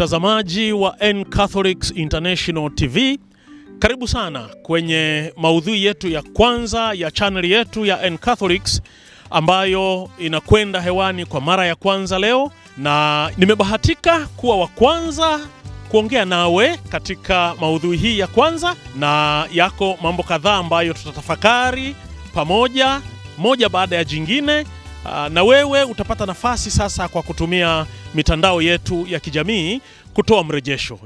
Mtazamaji wa N Catholics International TV, karibu sana kwenye maudhui yetu ya kwanza ya chaneli yetu ya N Catholics ambayo inakwenda hewani kwa mara ya kwanza leo, na nimebahatika kuwa wa kwanza kuongea nawe katika maudhui hii ya kwanza, na yako mambo kadhaa ambayo tutatafakari pamoja moja baada ya jingine Ah, na wewe utapata nafasi sasa kwa kutumia mitandao yetu ya kijamii kutoa mrejesho.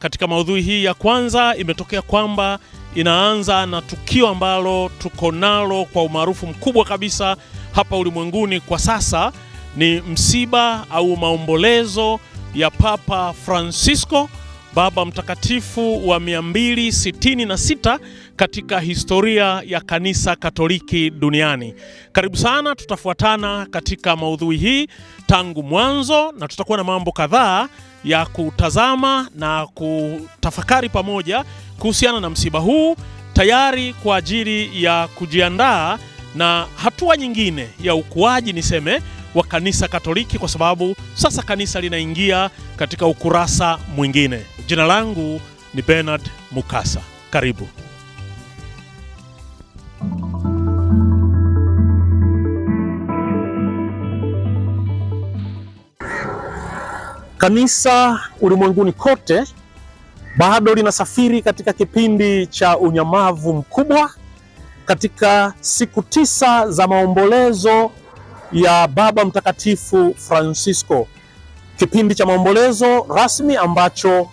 Katika maudhui hii ya kwanza imetokea kwamba inaanza na tukio ambalo tuko nalo kwa umaarufu mkubwa kabisa hapa ulimwenguni kwa sasa, ni msiba au maombolezo ya Papa Francisco, Baba Mtakatifu wa 266 katika historia ya kanisa Katoliki duniani. Karibu sana, tutafuatana katika maudhui hii tangu mwanzo na tutakuwa na mambo kadhaa ya kutazama na kutafakari pamoja kuhusiana na msiba huu, tayari kwa ajili ya kujiandaa na hatua nyingine ya ukuaji niseme wa kanisa Katoliki, kwa sababu sasa kanisa linaingia katika ukurasa mwingine. Jina langu ni Bernard Mukasa. Karibu. Kanisa ulimwenguni kote bado linasafiri katika kipindi cha unyamavu mkubwa katika siku tisa za maombolezo ya Baba Mtakatifu Francisco, kipindi cha maombolezo rasmi ambacho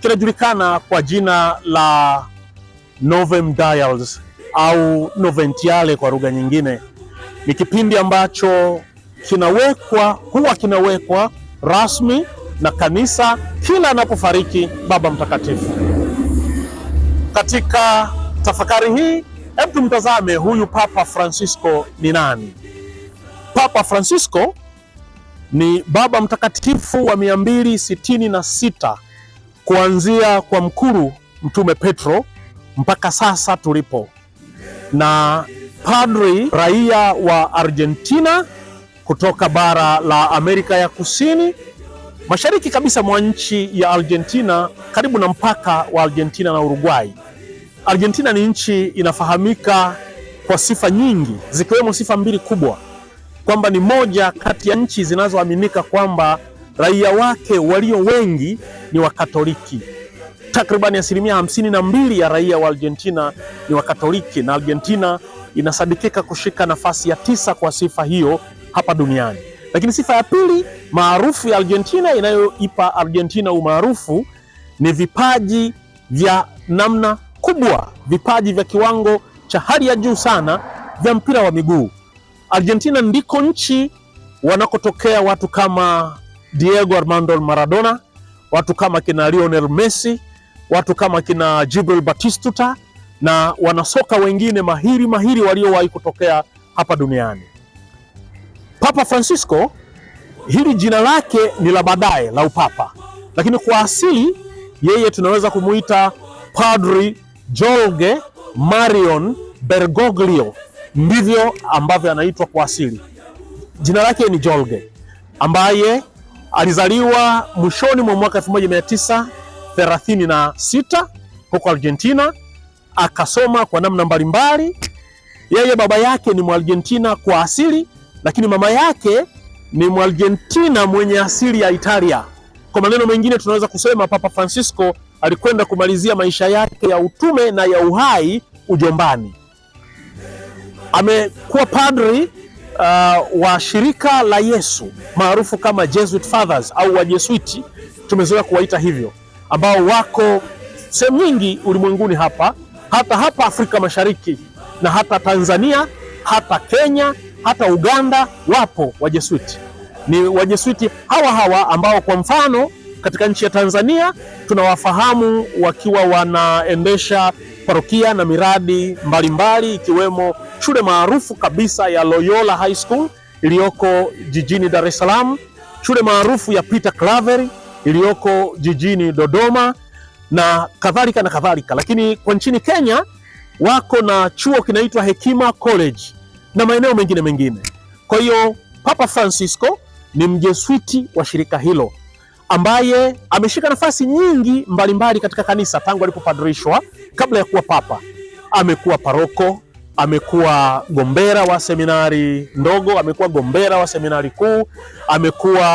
kinajulikana kwa jina la Novem Dies au noventiale kwa lugha nyingine, ni kipindi ambacho kinawekwa huwa kinawekwa rasmi na kanisa kila anapofariki Baba Mtakatifu. Katika tafakari hii, hebu tumtazame huyu Papa Francisco ni nani? Papa Francisco ni Baba Mtakatifu wa 266 kuanzia kwa mkuru Mtume Petro mpaka sasa tulipo na padri raia wa Argentina kutoka bara la Amerika ya Kusini, mashariki kabisa mwa nchi ya Argentina, karibu na mpaka wa Argentina na Uruguay. Argentina ni nchi inafahamika kwa sifa nyingi zikiwemo sifa mbili kubwa, kwamba ni moja kati ya nchi zinazoaminika kwamba raia wake walio wengi ni Wakatoliki takriban asilimia hamsini na mbili ya raia wa Argentina ni Wakatoliki na Argentina inasadikika kushika nafasi ya tisa kwa sifa hiyo hapa duniani. Lakini sifa ya pili maarufu ya Argentina inayoipa Argentina umaarufu ni vipaji vya namna kubwa, vipaji vya kiwango cha hali ya juu sana vya mpira wa miguu. Argentina ndiko nchi wanakotokea watu kama Diego Armando Maradona, watu kama kina Lionel Messi, watu kama kina Jibril Batistuta na wanasoka wengine mahiri mahiri waliowahi kutokea hapa duniani. Papa Francisco, hili jina lake ni la baadaye la upapa, lakini kwa asili yeye tunaweza kumuita Padri Jorge Marion Bergoglio, ndivyo ambavyo anaitwa kwa asili. Jina lake ni Jorge ambaye alizaliwa mwishoni mwa mwaka thelathini na sita huko Argentina, akasoma kwa namna mbalimbali. Yeye baba yake ni Mwargentina kwa asili, lakini mama yake ni Mwargentina mwenye asili ya Italia. Kwa maneno mengine tunaweza kusema Papa Francisco alikwenda kumalizia maisha yake ya utume na ya uhai ujombani. Amekuwa padri uh, wa shirika la Yesu maarufu kama Jesuit Fathers au Wajesuiti, tumezoea kuwaita hivyo ambao wako sehemu nyingi ulimwenguni hapa, hata hapa Afrika Mashariki na hata Tanzania, hata Kenya, hata Uganda wapo Wajesuiti. Ni Wajesuiti hawa hawa ambao kwa mfano katika nchi ya Tanzania tunawafahamu wakiwa wanaendesha parokia na miradi mbalimbali mbali, ikiwemo shule maarufu kabisa ya Loyola High School iliyoko jijini Dar es Salaam, shule maarufu ya Peter Claver iliyoko jijini Dodoma na kadhalika na kadhalika. Lakini kwa nchini Kenya wako na chuo kinaitwa Hekima College na maeneo mengine mengine. Kwa hiyo Papa Francisco ni mjeswiti wa shirika hilo ambaye ameshika nafasi nyingi mbalimbali mbali katika kanisa tangu alipopadrishwa. Kabla ya kuwa papa, amekuwa paroko, amekuwa gombera wa seminari ndogo, amekuwa gombera wa seminari kuu, amekuwa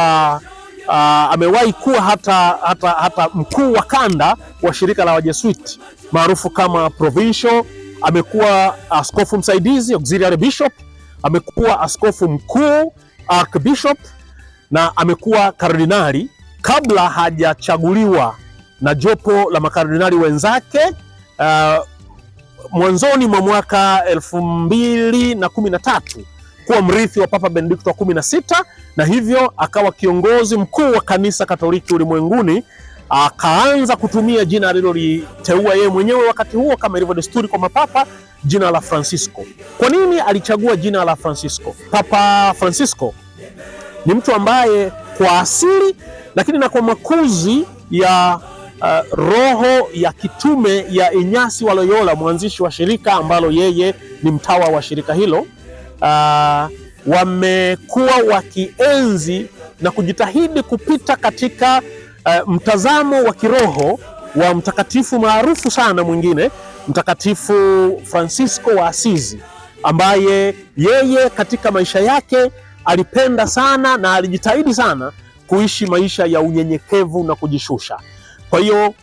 uh, amewahi kuwa hata, hata, hata mkuu wa kanda wa shirika la Wajesuit maarufu kama provincial. Amekuwa askofu msaidizi auxiliary bishop, amekuwa askofu mkuu archbishop, na amekuwa kardinali kabla hajachaguliwa na jopo la makardinali wenzake uh, mwanzoni mwa mwaka elfu mbili na kumi na tatu kuwa mrithi wa Papa Benedikto wa kumi na sita na hivyo akawa kiongozi mkuu wa kanisa Katoliki ulimwenguni. Akaanza kutumia jina aliloliteua yeye mwenyewe wakati huo, kama ilivyo desturi kwa mapapa, jina la Francisco. Kwa nini alichagua jina la Francisco? Papa Francisco ni mtu ambaye kwa asili lakini na kwa makuzi ya uh, roho ya kitume ya Inyasi wa Loyola, mwanzishi wa shirika ambalo yeye ni mtawa wa shirika hilo uh, wamekuwa wakienzi na kujitahidi kupita katika uh, mtazamo wa kiroho wa mtakatifu maarufu sana mwingine, Mtakatifu Francisco wa Asizi, ambaye yeye katika maisha yake alipenda sana na alijitahidi sana kuishi maisha ya unyenyekevu na kujishusha. Kwa hiyo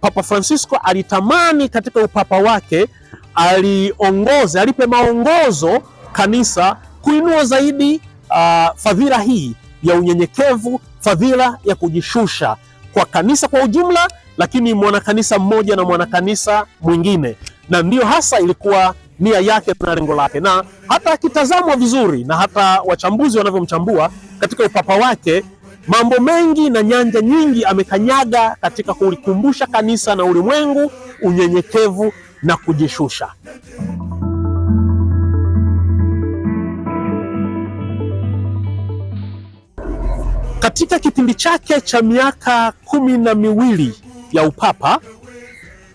Papa Francisco alitamani katika upapa wake aliongoze, alipe maongozo kanisa kuinua zaidi uh, fadhila hii ya unyenyekevu, fadhila ya kujishusha kwa kanisa kwa ujumla, lakini mwanakanisa mmoja na mwanakanisa mwingine, na ndiyo hasa ilikuwa nia yake na lengo lake, na hata akitazamwa vizuri na hata wachambuzi wanavyomchambua katika upapa wake, mambo mengi na nyanja nyingi amekanyaga katika kulikumbusha kanisa na ulimwengu unyenyekevu na kujishusha. Katika kipindi chake cha miaka kumi na miwili ya upapa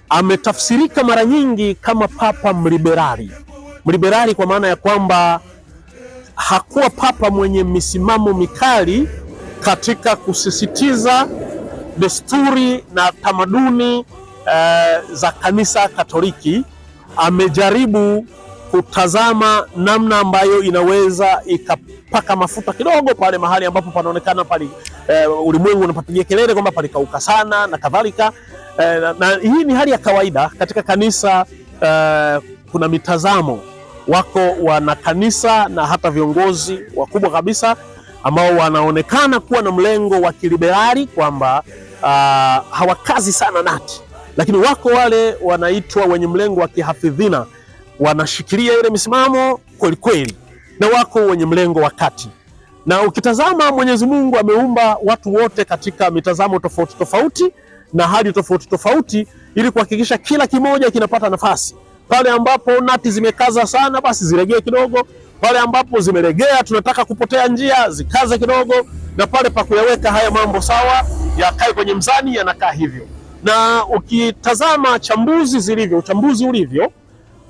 ametafsirika mara nyingi kama papa mliberali. Mliberali kwa maana ya kwamba hakuwa papa mwenye misimamo mikali katika kusisitiza desturi na tamaduni e, za kanisa Katoliki. Amejaribu kutazama namna ambayo inaweza ika paka mafuta kidogo pale mahali ambapo panaonekana pali eh, ulimwengu unapapigia kelele kwamba palikauka sana na kadhalika eh, na, na hii ni hali ya kawaida katika kanisa eh, kuna mitazamo wako wana kanisa na hata viongozi wakubwa kabisa ambao wanaonekana kuwa na mlengo wa kiliberali kwamba ah, hawakazi sana nati, lakini wako wale wanaitwa wenye mlengo wa kihafidhina, wanashikilia ile misimamo kweli kweli na wako wenye mlengo wa kati. Na ukitazama Mwenyezi Mungu ameumba watu wote katika mitazamo tofauti tofauti na hali tofauti tofauti ili kuhakikisha kila kimoja kinapata nafasi. Pale ambapo nati zimekaza sana, basi ziregee kidogo. Pale ambapo zimeregea, tunataka kupotea njia, zikaze kidogo, na pale pa kuyaweka haya mambo sawa, yakae kwenye mzani, yanakaa hivyo. Na ukitazama chambuzi zilivyo, uchambuzi ulivyo,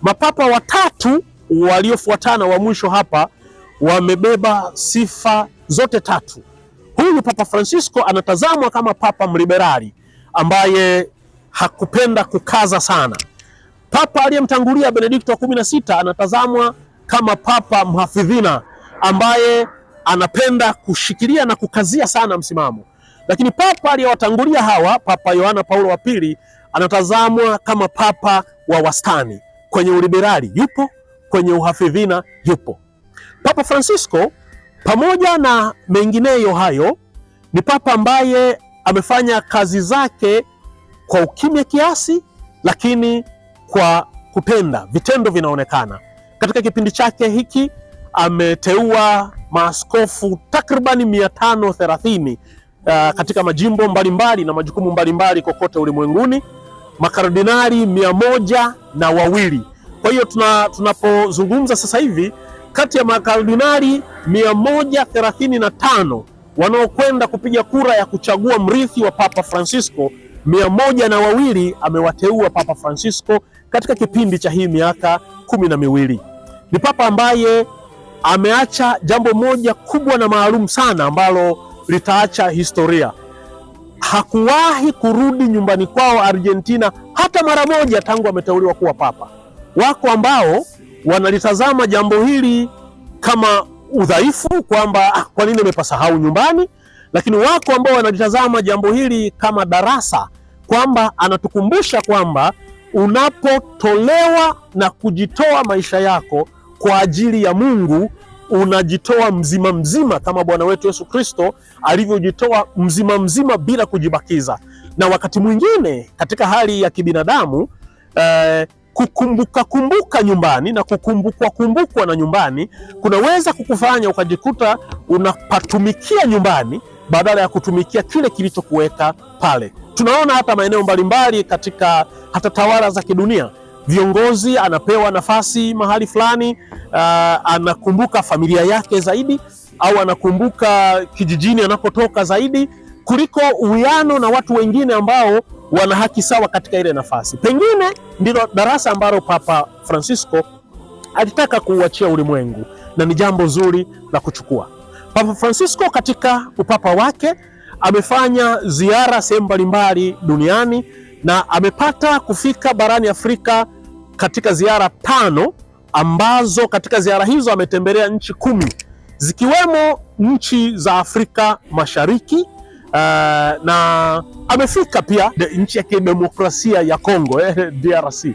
mapapa watatu waliofuatana wa mwisho hapa wamebeba sifa zote tatu. Huyu Papa Francisco anatazamwa kama papa mliberali ambaye hakupenda kukaza sana. Papa aliyemtangulia Benedikto wa kumi na sita anatazamwa kama papa mhafidhina ambaye anapenda kushikilia na kukazia sana msimamo, lakini papa aliyewatangulia hawa, Papa Yohana Paulo wa pili, anatazamwa kama papa wa wastani. Kwenye uliberali yupo kwenye uhafidhina yupo. Papa Francisco pamoja na mengineyo hayo, ni papa ambaye amefanya kazi zake kwa ukimya kiasi, lakini kwa kutenda, vitendo vinaonekana. Katika kipindi chake hiki ameteua maaskofu takribani 530 uh, katika majimbo mbalimbali mbali na majukumu mbalimbali mbali kokote ulimwenguni, makardinali mia moja na wawili kwa hiyo tuna tunapozungumza sasa hivi kati ya makardinali mia moja thelathini na tano wanaokwenda kupiga kura ya kuchagua mrithi wa Papa Francisco, mia moja na wawili amewateua Papa Francisco katika kipindi cha hii miaka kumi na miwili. Ni papa ambaye ameacha jambo moja kubwa na maalum sana ambalo litaacha historia. Hakuwahi kurudi nyumbani kwao Argentina hata mara moja tangu ameteuliwa kuwa papa wako ambao wanalitazama jambo hili kama udhaifu, kwamba ah, kwa nini amepasahau nyumbani, lakini wako ambao wanalitazama jambo hili kama darasa, kwamba anatukumbusha kwamba unapotolewa na kujitoa maisha yako kwa ajili ya Mungu unajitoa mzima mzima, kama Bwana wetu Yesu Kristo alivyojitoa mzima mzima bila kujibakiza. Na wakati mwingine katika hali ya kibinadamu eh, kukumbuka kumbuka nyumbani na kukumbukwa kumbukwa na nyumbani kunaweza kukufanya ukajikuta unapatumikia nyumbani badala ya kutumikia kile kilichokuweka pale. Tunaona hata maeneo mbalimbali katika hata tawala za kidunia, viongozi anapewa nafasi mahali fulani, uh, anakumbuka familia yake zaidi au anakumbuka kijijini anapotoka zaidi kuliko uwiano na watu wengine ambao wana haki sawa katika ile nafasi. Pengine ndilo darasa ambalo Papa Francisco alitaka kuuachia ulimwengu na ni jambo zuri la kuchukua. Papa Francisco katika upapa wake amefanya ziara sehemu mbalimbali duniani na amepata kufika barani Afrika katika ziara tano ambazo katika ziara hizo ametembelea nchi kumi zikiwemo nchi za Afrika Mashariki uh, na amefika pia nchi ya kidemokrasia ya Kongo eh, DRC,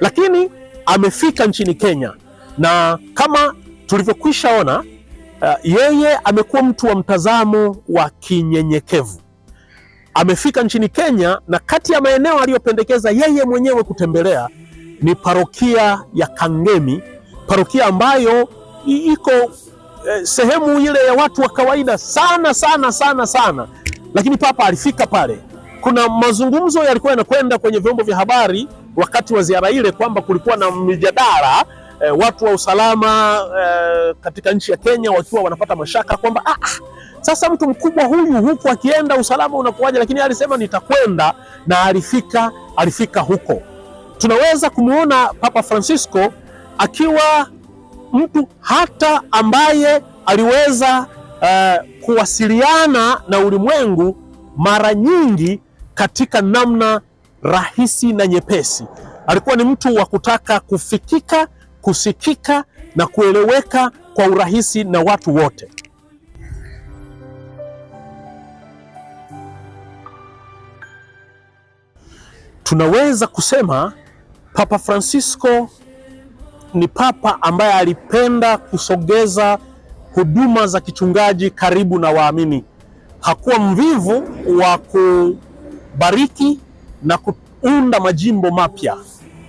lakini amefika nchini Kenya na kama tulivyokwisha ona uh, yeye amekuwa mtu wa mtazamo wa kinyenyekevu. Amefika nchini Kenya na kati ya maeneo aliyopendekeza yeye mwenyewe kutembelea ni parokia ya Kangemi, parokia ambayo iko eh, sehemu ile ya watu wa kawaida sana sana sana sana lakini papa alifika pale, kuna mazungumzo yalikuwa yanakwenda kwenye vyombo vya habari wakati wa ziara ile kwamba kulikuwa na mjadala e, eh, watu wa usalama e, katika nchi ya Kenya wakiwa wanapata mashaka kwamba ah, ah, sasa mtu mkubwa huyu huku akienda usalama unakuwaje? Lakini alisema nitakwenda, na alifika, alifika huko. Tunaweza kumwona Papa Francisco akiwa mtu hata ambaye aliweza uh, kuwasiliana na ulimwengu mara nyingi katika namna rahisi na nyepesi. Alikuwa ni mtu wa kutaka kufikika, kusikika na kueleweka kwa urahisi na watu wote. Tunaweza kusema Papa Francisco ni papa ambaye alipenda kusogeza huduma za kichungaji karibu na waamini. Hakuwa mvivu wa kubariki na kuunda majimbo mapya.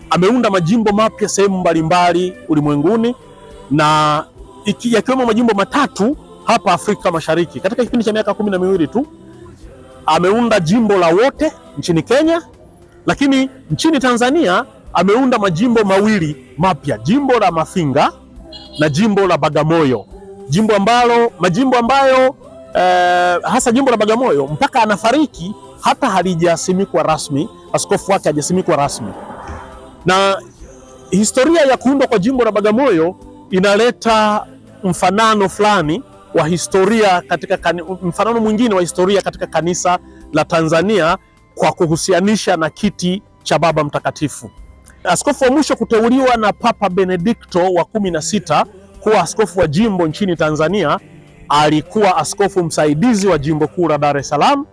Ameunda majimbo mapya sehemu mbalimbali ulimwenguni na yakiwemo majimbo matatu hapa Afrika Mashariki. Katika kipindi cha miaka kumi na miwili tu ameunda jimbo la wote nchini Kenya, lakini nchini Tanzania ameunda majimbo mawili mapya, jimbo la Mafinga na jimbo la Bagamoyo jimbo ambalo majimbo ambayo eh, hasa jimbo la Bagamoyo mpaka anafariki hata halijasimikwa rasmi, askofu wake hajasimikwa rasmi. Na historia ya kuundwa kwa jimbo la Bagamoyo inaleta mfanano fulani wa historia katika kani, mfanano mwingine wa historia katika kanisa la Tanzania kwa kuhusianisha na kiti cha Baba Mtakatifu. Askofu wa mwisho kuteuliwa na Papa Benedikto wa kumi na sita kuwa askofu wa jimbo nchini Tanzania, alikuwa askofu msaidizi wa jimbo kuu la Dar es Salaam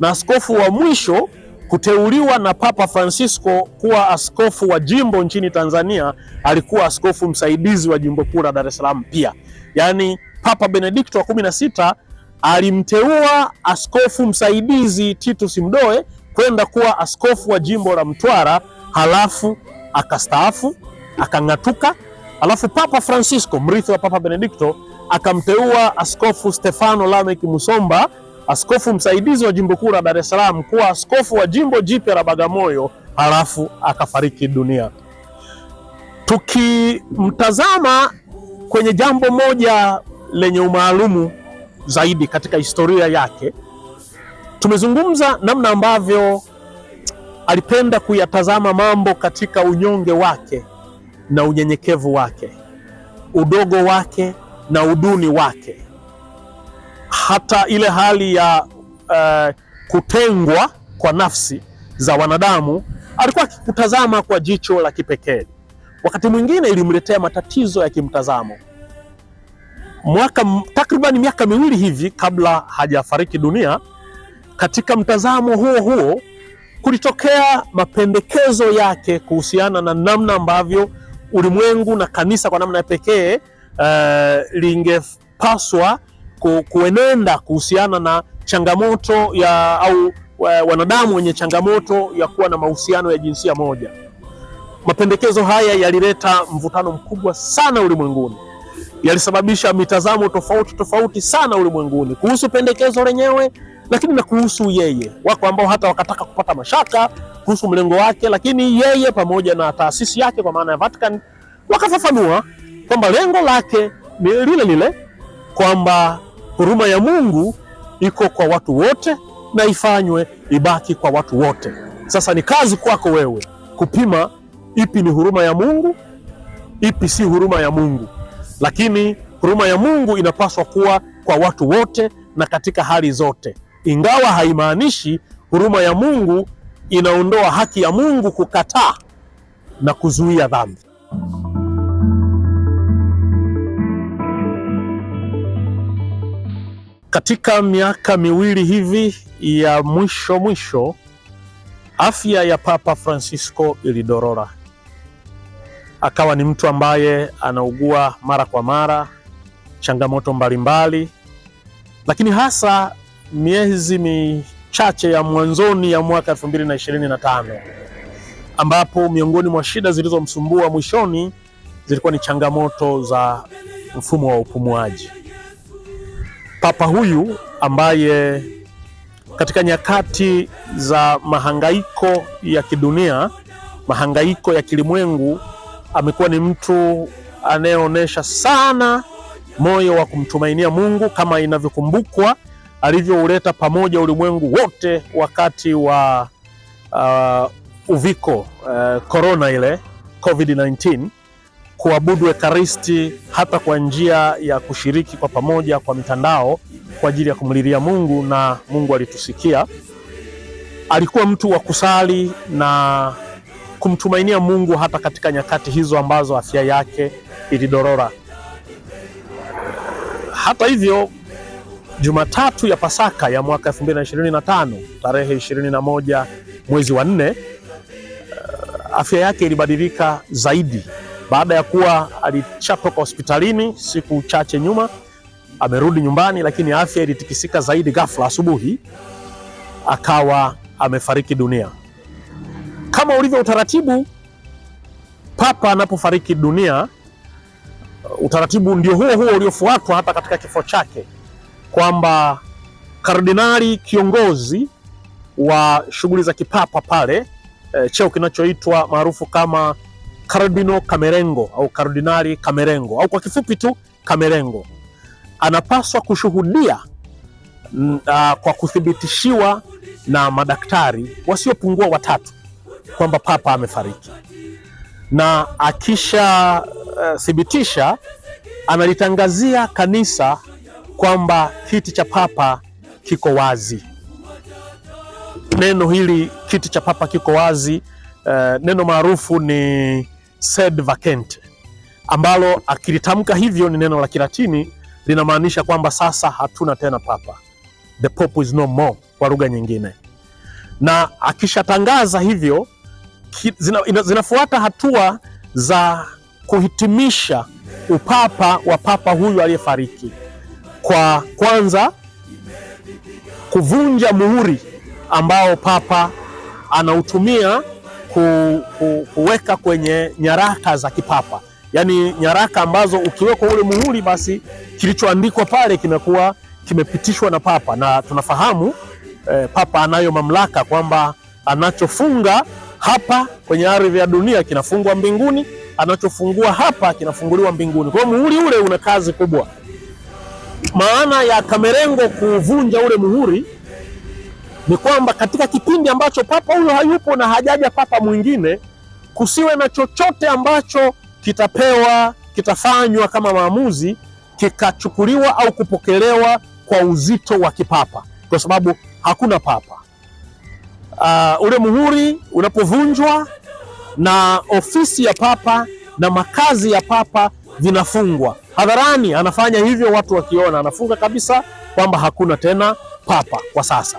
na askofu wa mwisho kuteuliwa na Papa Francisco kuwa askofu wa jimbo nchini Tanzania alikuwa askofu msaidizi wa jimbo kuu la Dar es Salaam pia. Yaani Papa Benedikto wa kumi na sita alimteua askofu msaidizi Titus Mdoe kwenda kuwa askofu wa jimbo la Mtwara, halafu akastaafu akang'atuka Alafu Papa Francisco mrithi wa Papa Benedikto akamteua Askofu Stefano Lameck Musomba, askofu msaidizi wa jimbo kuu la Dar es Salaam kuwa askofu wa jimbo jipya la Bagamoyo, halafu akafariki dunia. Tukimtazama kwenye jambo moja lenye umaalumu zaidi katika historia yake, tumezungumza namna ambavyo alipenda kuyatazama mambo katika unyonge wake na unyenyekevu wake, udogo wake na uduni wake, hata ile hali ya uh, kutengwa kwa nafsi za wanadamu. Alikuwa akikutazama kwa jicho la kipekee, wakati mwingine ilimletea matatizo ya kimtazamo. Mwaka takribani miaka miwili hivi kabla hajafariki dunia, katika mtazamo huo huo kulitokea mapendekezo yake kuhusiana na namna ambavyo ulimwengu na kanisa kwa namna pekee uh, lingepaswa ku, kuenenda kuhusiana na changamoto ya au eh, wanadamu wenye changamoto ya kuwa na mahusiano ya jinsia moja. Mapendekezo haya yalileta mvutano mkubwa sana ulimwenguni, yalisababisha mitazamo tofauti tofauti sana ulimwenguni kuhusu pendekezo lenyewe, lakini na kuhusu yeye. Wako ambao hata wakataka kupata mashaka kuhusu mlengo wake, lakini yeye pamoja na taasisi yake kwa maana ya Vatican wakafafanua kwamba lengo lake ni lile lile, kwamba huruma ya Mungu iko kwa watu wote na ifanywe ibaki kwa watu wote. Sasa ni kazi kwako wewe kupima ipi ni huruma ya Mungu, ipi si huruma ya Mungu. Lakini huruma ya Mungu inapaswa kuwa kwa watu wote na katika hali zote, ingawa haimaanishi huruma ya Mungu inaondoa haki ya Mungu kukataa na kuzuia dhambi. Katika miaka miwili hivi ya mwisho mwisho, afya ya Papa Francisco ilidorora. Akawa ni mtu ambaye anaugua mara kwa mara changamoto mbalimbali mbali, lakini hasa miezi mi chache ya mwanzoni ya mwaka 2025 ambapo miongoni mwa shida zilizomsumbua mwishoni zilikuwa ni changamoto za mfumo wa upumuaji. Papa huyu ambaye katika nyakati za mahangaiko ya kidunia, mahangaiko ya kilimwengu, amekuwa ni mtu anayeonyesha sana moyo wa kumtumainia Mungu kama inavyokumbukwa alivyouleta pamoja ulimwengu wote wakati wa uh, uviko korona uh, ile COVID-19, kuabudu Ekaristi hata kwa njia ya kushiriki kwa pamoja kwa mitandao kwa ajili ya kumlilia Mungu, na Mungu alitusikia. Alikuwa mtu wa kusali na kumtumainia Mungu hata katika nyakati hizo ambazo afya yake ilidorora. Hata hivyo Jumatatu ya Pasaka ya mwaka 2025 tarehe 21 mwezi wa nne, eh, afya yake ilibadilika zaidi baada ya kuwa kwa hospitalini siku chache nyuma, amerudi nyumbani, lakini afya ilitikisika zaidi ghafla. Asubuhi akawa amefariki dunia. Kama ulivyo utaratibu, papa anapofariki dunia, utaratibu ndio huo huo uliofuatwa hata katika kifo chake kwamba kardinali kiongozi wa shughuli za kipapa pale e, cheo kinachoitwa maarufu kama Cardinal Kamerengo au Kardinali Kamerengo au kwa kifupi tu Kamerengo anapaswa kushuhudia mm, a, ah, kwa kuthibitishiwa na madaktari wasiopungua watatu kwamba papa amefariki, na akishathibitisha eh, analitangazia kanisa kwamba kiti cha papa kiko wazi. Neno hili kiti cha papa kiko wazi, uh, neno maarufu ni sed vacante, ambalo akilitamka hivyo ni neno la Kilatini linamaanisha kwamba sasa hatuna tena papa, the pope is no more kwa lugha nyingine. Na akishatangaza hivyo zina, zinafuata hatua za kuhitimisha upapa wa papa huyu aliyefariki kwa kwanza kuvunja muhuri ambao Papa anautumia ku, ku, kuweka kwenye nyaraka za kipapa, yaani nyaraka ambazo ukiwekwa ule muhuri, basi kilichoandikwa pale kinakuwa kimepitishwa na Papa, na tunafahamu eh, Papa anayo mamlaka kwamba anachofunga hapa kwenye ardhi ya dunia kinafungwa mbinguni, anachofungua hapa kinafunguliwa mbinguni. Kwa hiyo muhuri ule una kazi kubwa maana ya Kamerengo kuvunja ule muhuri ni kwamba katika kipindi ambacho papa huyo hayupo na hajaja papa mwingine, kusiwe na chochote ambacho kitapewa kitafanywa kama maamuzi kikachukuliwa au kupokelewa kwa uzito wa kipapa, kwa sababu hakuna papa. Uh, ule muhuri unapovunjwa na ofisi ya papa na makazi ya papa vinafungwa hadharani. Anafanya hivyo watu wakiona, anafunga kabisa kwamba hakuna tena papa kwa sasa.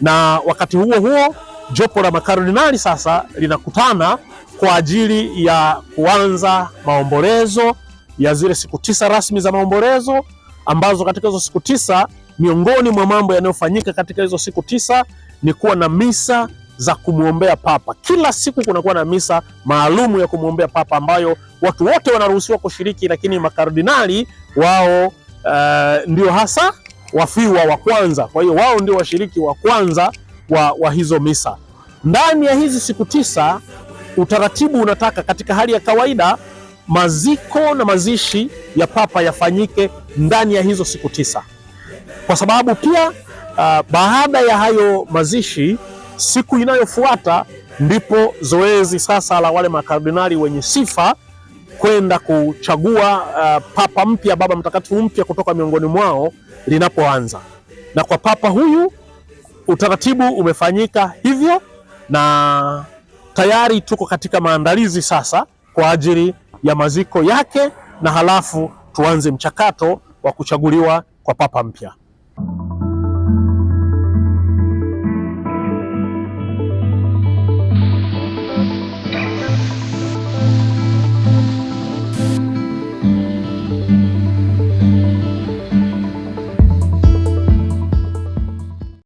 Na wakati huo huo jopo la makardinali sasa linakutana kwa ajili ya kuanza maombolezo ya zile siku tisa rasmi za maombolezo, ambazo katika hizo siku tisa, miongoni mwa mambo yanayofanyika katika hizo siku tisa ni kuwa na misa za kumwombea Papa. Kila siku kunakuwa na misa maalumu ya kumwombea Papa ambayo watu wote wanaruhusiwa kushiriki, lakini makardinali wao uh, ndio hasa wafiwa wa kwanza. Kwa hiyo wao ndio washiriki wa kwanza wa, wa hizo misa. Ndani ya hizi siku tisa utaratibu unataka katika hali ya kawaida maziko na mazishi ya Papa yafanyike ndani ya hizo siku tisa, kwa sababu pia uh, baada ya hayo mazishi Siku inayofuata ndipo zoezi sasa la wale makardinali wenye sifa kwenda kuchagua uh, papa mpya, baba mtakatifu mpya kutoka miongoni mwao linapoanza. Na kwa papa huyu utaratibu umefanyika hivyo, na tayari tuko katika maandalizi sasa kwa ajili ya maziko yake, na halafu tuanze mchakato wa kuchaguliwa kwa papa mpya.